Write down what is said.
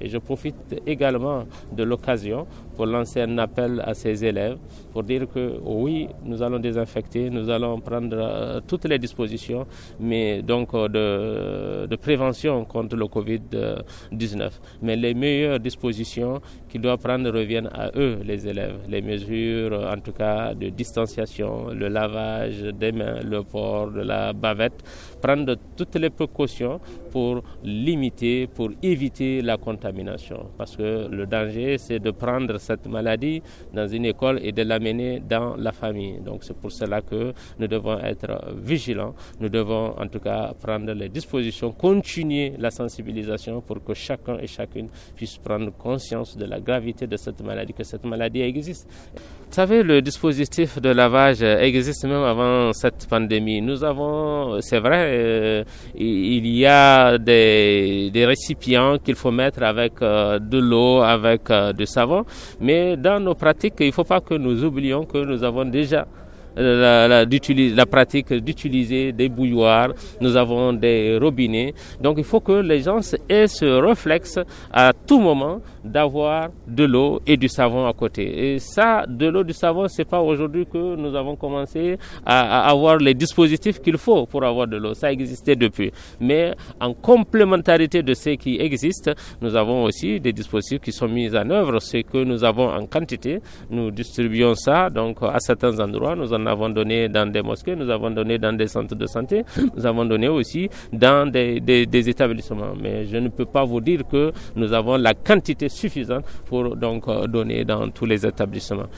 Et je profite également de l'occasion pour lancer un appel à ces élèves pour dire que oh oui, nous allons désinfecter, nous allons prendre euh, toutes les dispositions, mais donc euh, de, de, prévention contre le Covid-19. Mais les meilleures dispositions qu'ils doivent prendre reviennent à eux, les élèves. Les mesures, en tout cas, de distanciation, le lavage des mains, le port de la bavette, prendre toutes les précautions pour limiter, pour éviter la contamination parce que le danger, c'est de prendre cette maladie dans une école et de l'amener dans la famille. Donc c'est pour cela que nous devons être vigilants. Nous devons en tout cas prendre les dispositions, continuer la sensibilisation pour que chacun et chacune puisse prendre conscience de la gravité de cette maladie, que cette maladie existe. Vous savez, le dispositif de lavage euh, existe même avant cette pandémie. Nous avons, c'est vrai, euh, il y a des, récipients qu'il faut mettre avec euh, de l'eau, avec du savon, mais dans nos pratiques, il ne faut pas que nous oublions que nous avons déjà la, la pratique d'utiliser des bouilloires, nous avons des robinets. Donc il faut que les gens aient ce réflexe à tout moment d'avoir de l'eau et du savon à côté. Et ça, de l'eau, du savon, c'est pas aujourd'hui que nous avons commencé à, avoir les dispositifs qu'il faut pour avoir de l'eau. Ça existait depuis. Mais en complémentarité de ce qui existe, nous avons aussi des dispositifs qui sont mis en œuvre. Ce que nous avons en quantité, nous distribuons ça. Donc à certains endroits, nous en nous avons donné dans des mosquées, nous avons donné dans des centres de santé, nous avons donné aussi dans des, des établissements. Mais je ne peux pas vous dire que nous avons la quantité suffisante pour donc euh, donner dans tous les établissements.